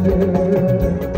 Yeah.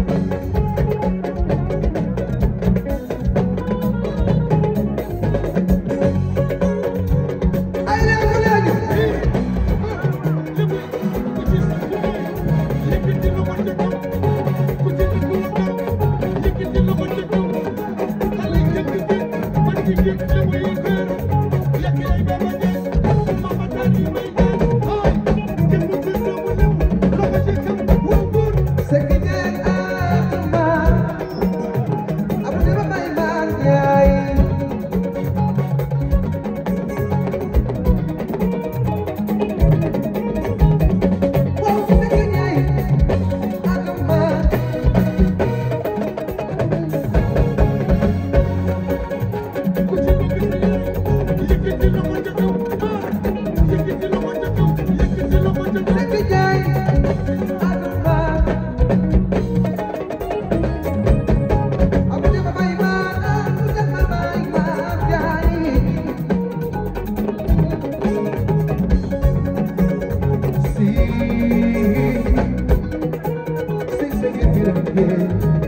ربي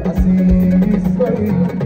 عسيس وين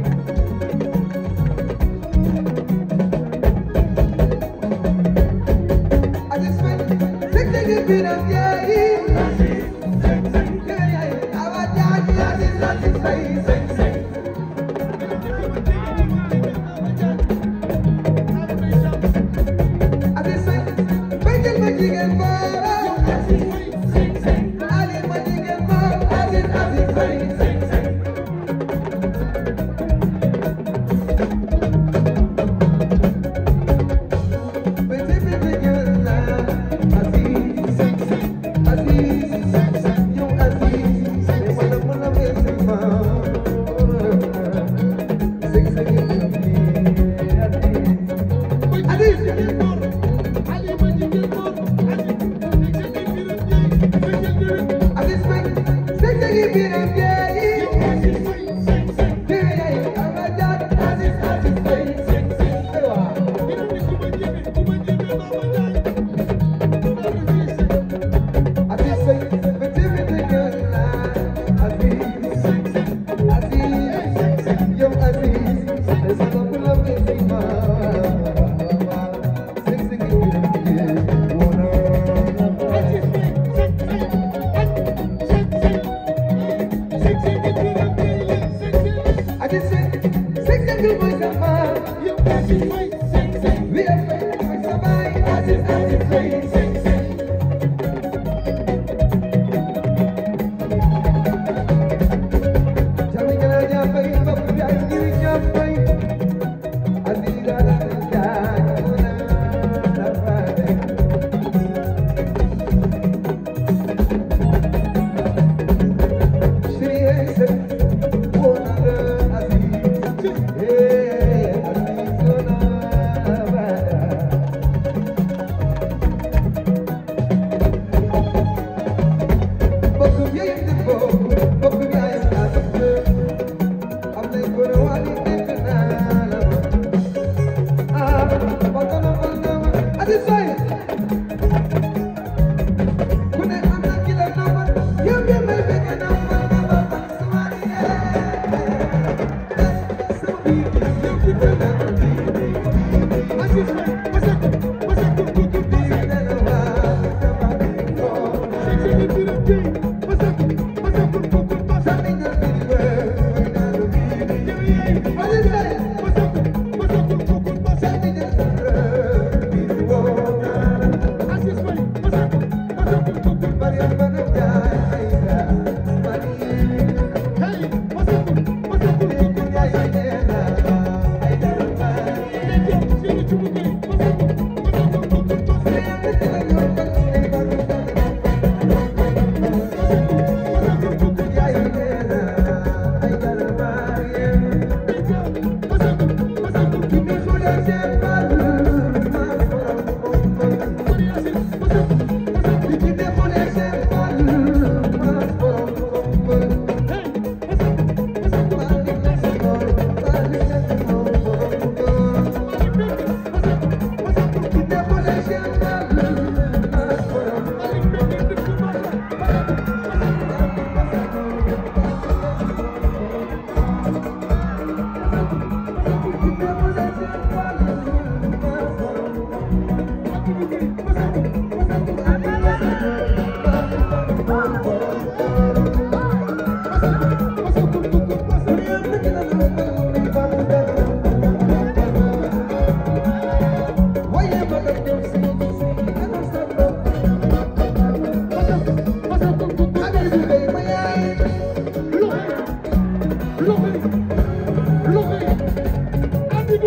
Thank you. Thank you.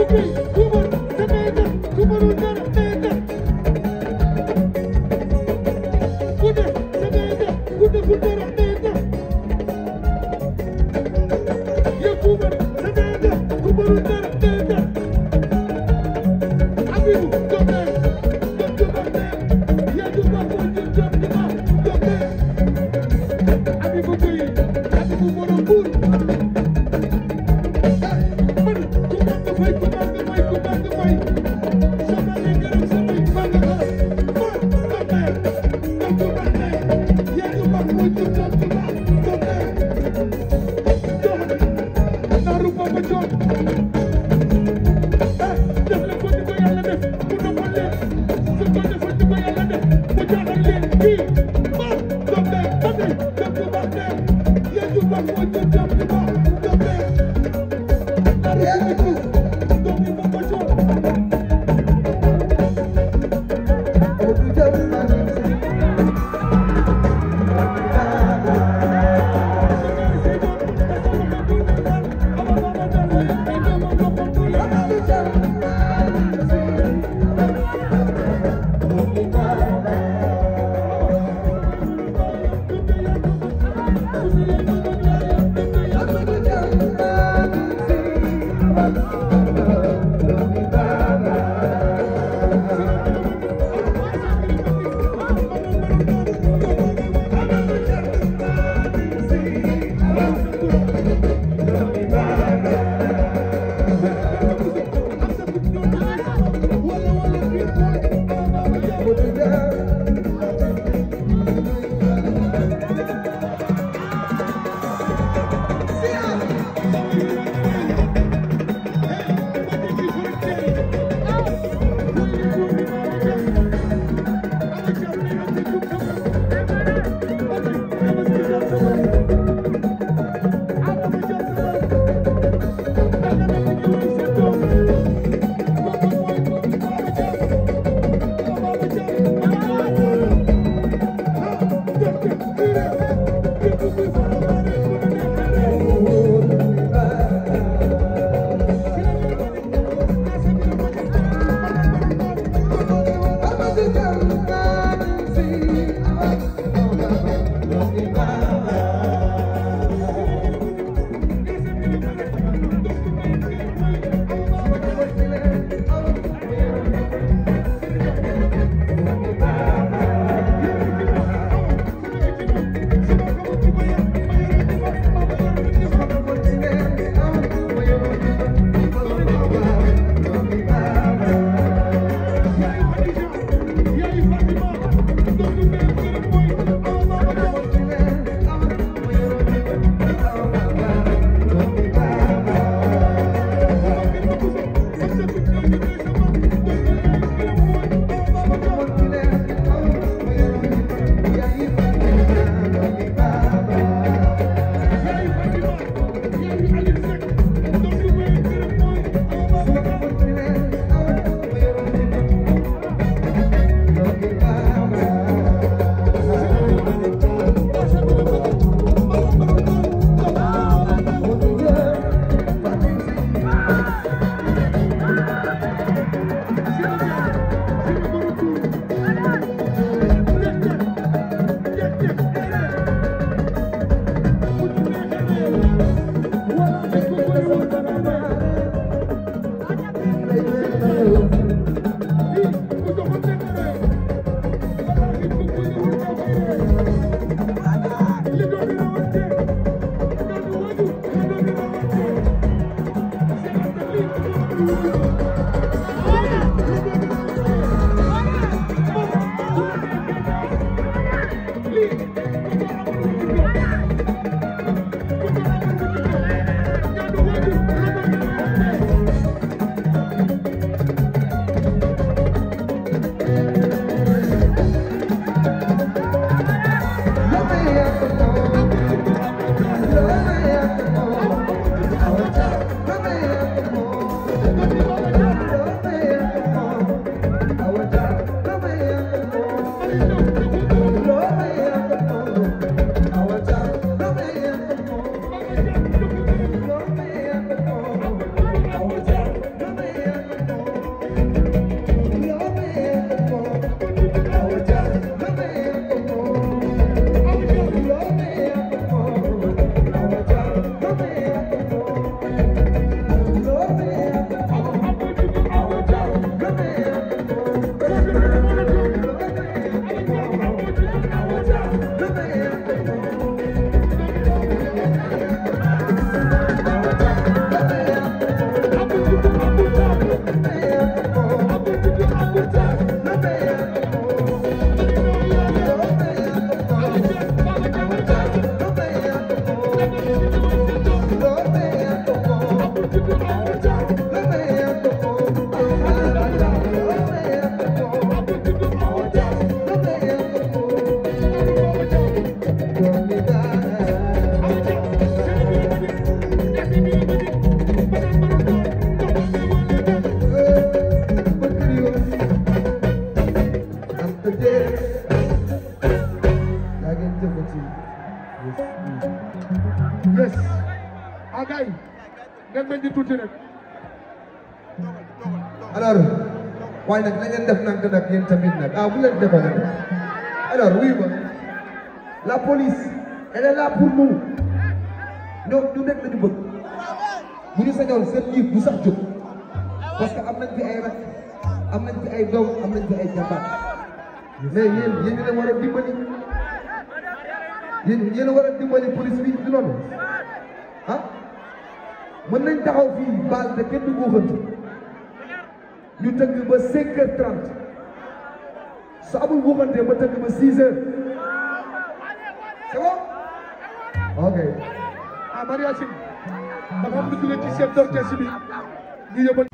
baby. waaye nag na ngeen def nank nag yéen tamit nag ah bu leen defal nag alors oui ma la police elle est là pour nous ñoom ñu nekk nañu bëgg bu ñu sañoon seen liif bu sax jóg parce que am nañ fi ay am nañ fi ay doom am nañ fi ay jàmbaar mais yéen yéen ñu war a dimbali yéen yéen war a dimbali police bi du noonu ah mën nañ taxaw fii baal te kenn du ñu tëgg ba 5 heures 30 su amul buuxante ba tëgg ba 6 heures c'est bon ok ah mariage bi dafa am lu jóge ci chef ñu yóbbu